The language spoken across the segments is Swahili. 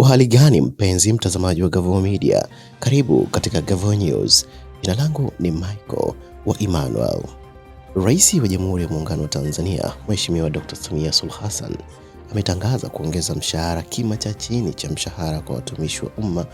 Uhali gani mpenzi mtazamaji wa Gavoo Media, karibu katika Gavoo News. Jina langu ni Michael wa Emmanuel. Rais wa Jamhuri ya Muungano wa Tanzania Mheshimiwa Dr. Samia Suluhu Hassan ametangaza kuongeza mshahara kima cha chini cha mshahara kwa watumishi wa umma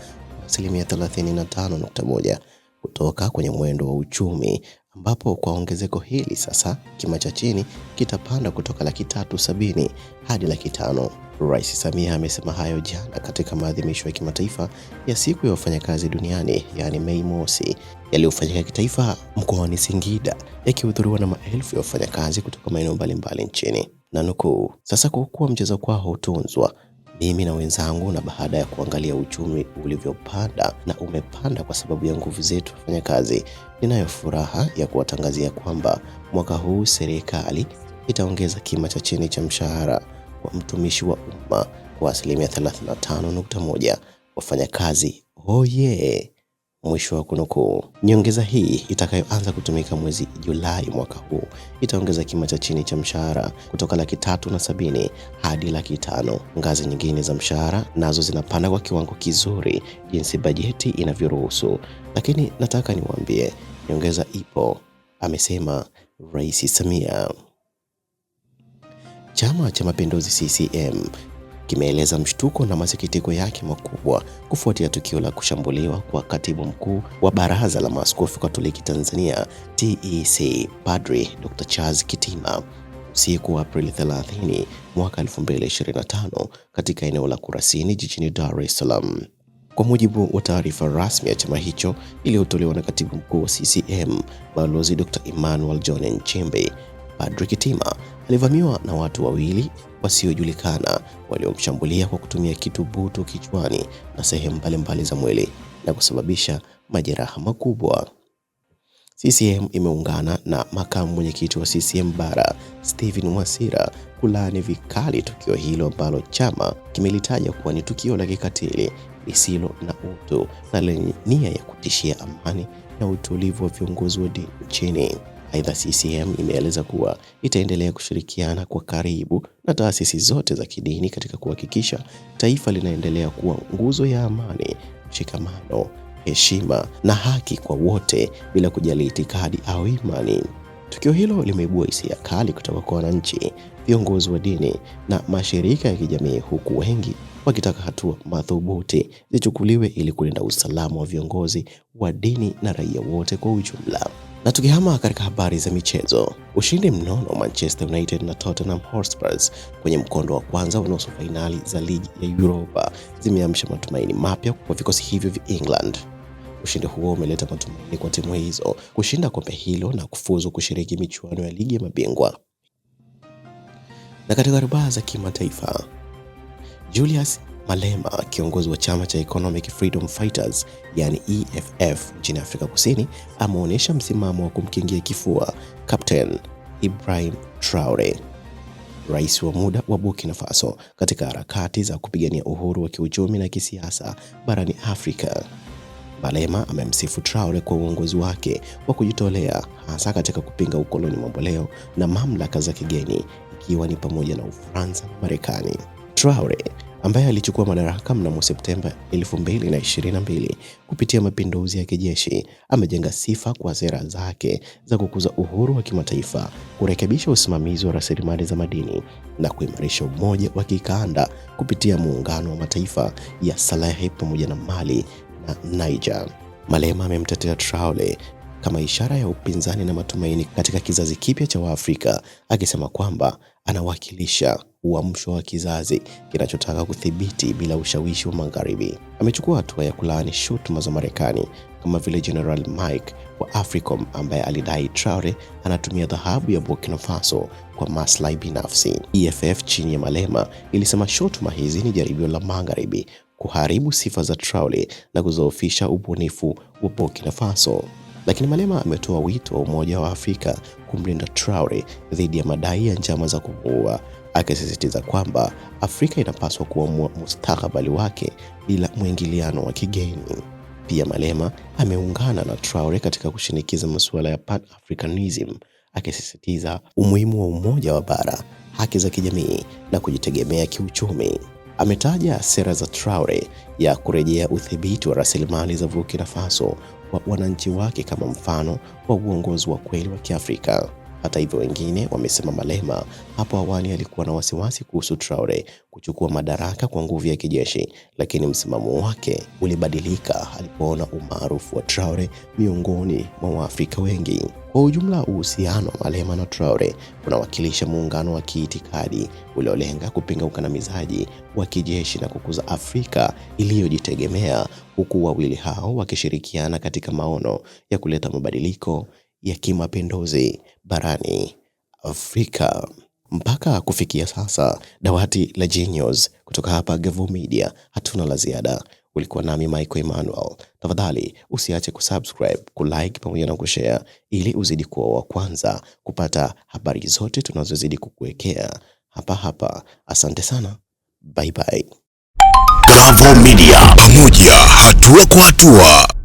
asilimia 35.1 kutoka kwenye mwendo wa uchumi ambapo kwa ongezeko hili sasa kima cha chini kitapanda kutoka laki tatu sabini hadi laki tano. Rais Samia amesema hayo jana katika maadhimisho ya kimataifa ya siku ya wafanyakazi duniani yaani Mei Mosi yaliyofanyika kitaifa mkoani Singida yakihudhuriwa na maelfu ya wafanyakazi kutoka maeneo mbalimbali nchini, na nukuu, sasa kwa kuwa mchezo kwao hutunzwa mimi na wenzangu, na baada ya kuangalia uchumi ulivyopanda na umepanda kwa sababu ya nguvu zetu kufanya kazi, ninayo furaha ya kuwatangazia kwamba mwaka huu serikali itaongeza kima cha chini cha mshahara wa mtumishi wa umma kwa asilimia 35.1. Wafanyakazi oye! Oh yeah. Mwisho wa kunukuu. Nyongeza hii itakayoanza kutumika mwezi Julai mwaka huu itaongeza kima cha chini cha mshahara kutoka laki tatu na sabini hadi laki tano. Ngazi nyingine za mshahara nazo zinapanda kwa kiwango kizuri jinsi bajeti inavyoruhusu, lakini nataka niwaambie nyongeza ipo, amesema Rais Samia. Chama cha Mapinduzi CCM kimeeleza mshtuko na masikitiko yake makubwa kufuatia tukio la kushambuliwa kwa katibu mkuu wa Baraza la Maaskofu Katoliki Tanzania TEC, Padri Dr. Charles Kitima siku wa Aprili 30 mwaka 2025 katika eneo la Kurasini jijini Dar es Salaam. Kwa mujibu wa taarifa rasmi ya chama hicho iliyotolewa na katibu mkuu wa CCM Balozi Dr. Emmanuel John Nchimbi, Padri Kitima alivamiwa na watu wawili wasiojulikana waliomshambulia kwa kutumia kitu butu kichwani na sehemu mbalimbali za mwili na kusababisha majeraha makubwa. CCM imeungana na makamu mwenyekiti wa CCM Bara Stephen Wasira kulaani vikali tukio hilo ambalo chama kimelitaja kuwa ni tukio la kikatili lisilo na utu na lenye nia ya kutishia amani na utulivu wa viongozi wa dini nchini. Aidha, CCM imeeleza kuwa itaendelea kushirikiana kwa karibu na taasisi zote za kidini katika kuhakikisha taifa linaendelea kuwa nguzo ya amani, mshikamano, heshima na haki kwa wote bila kujali itikadi au imani. Tukio hilo limeibua hisia kali kutoka kwa wananchi, viongozi wa dini na mashirika ya kijamii, huku wengi wakitaka hatua madhubuti zichukuliwe ili kulinda usalama wa viongozi wa dini na raia wote kwa ujumla. Na tukihama katika habari za michezo, ushindi mnono Manchester United na Tottenham Hotspur kwenye mkondo wa kwanza wa nusu fainali za ligi ya Europa zimeamsha matumaini mapya kwa vikosi hivyo vya England. Ushindi huo umeleta matumaini kwa timu hizo kushinda kombe hilo na kufuzu kushiriki michuano ya ligi ya mabingwa. Na katika rubaa za kimataifa Julius Malema, kiongozi wa chama cha Economic Freedom Fighters yani EFF nchini Afrika Kusini, ameonyesha msimamo wa kumkingia kifua Captain Ibrahim Traore, rais wa muda wa Burkina Faso, katika harakati za kupigania uhuru wa kiuchumi na kisiasa barani Afrika. Malema amemsifu Traore kwa uongozi wake wa kujitolea hasa katika kupinga ukoloni mamboleo na mamlaka za kigeni ikiwa ni pamoja na Ufaransa na Marekani. Traore ambaye alichukua madaraka mnamo Septemba 2022 kupitia mapinduzi ya kijeshi, amejenga sifa kwa sera zake za kukuza uhuru wa kimataifa, kurekebisha usimamizi wa rasilimali za madini na kuimarisha umoja wa kikanda kupitia muungano wa mataifa ya Salahi pamoja na Mali na Niger. Malema amemtetea Traore kama ishara ya upinzani na matumaini katika kizazi kipya cha Waafrika, akisema kwamba anawakilisha uamsho wa kizazi kinachotaka kudhibiti bila ushawishi wa Magharibi. Amechukua hatua ya kulaani shutuma za Marekani kama vile General Mike wa AFRICOM ambaye alidai Traore anatumia dhahabu ya Burkina Faso kwa maslahi binafsi. EFF chini ya Malema ilisema shutuma hizi ni jaribio la Magharibi kuharibu sifa za Traore na kuzoofisha ubunifu wa Burkina Faso. Lakini Malema ametoa wito wa Umoja wa Afrika kumlinda Traore dhidi ya madai ya njama za kumuua akisisitiza kwamba Afrika inapaswa kuamua mustakabali wake bila mwingiliano wa kigeni. Pia Malema ameungana na Traore katika kushinikiza masuala ya Pan-Africanism, akisisitiza umuhimu wa umoja wa bara, haki za kijamii na kujitegemea kiuchumi. Ametaja sera za Traore ya kurejea udhibiti wa rasilimali za Burkina Faso kwa wananchi wake kama mfano wa uongozi wa kweli wa Kiafrika. Hata hivyo, wengine wamesema Malema hapo awali alikuwa na wasiwasi kuhusu Traore kuchukua madaraka kwa nguvu ya kijeshi, lakini msimamo wake ulibadilika alipoona umaarufu wa Traore miongoni mwa Waafrika wengi. Kwa ujumla, uhusiano wa Malema na Traore unawakilisha muungano wa kiitikadi uliolenga kupinga ukandamizaji wa kijeshi na kukuza Afrika iliyojitegemea, huku wawili hao wakishirikiana katika maono ya kuleta mabadiliko ya kimapinduzi barani Afrika. Mpaka kufikia sasa, dawati la Genius kutoka hapa Gavoo Media, hatuna la ziada. Ulikuwa nami Michael Emmanuel. Tafadhali usiache kusubscribe, kulike pamoja na kushare ili uzidi kuwa wa kwanza kupata habari zote tunazozidi kukuwekea hapa hapa. Asante sana, bye bye. Gavoo Media, pamoja hatua kwa hatua.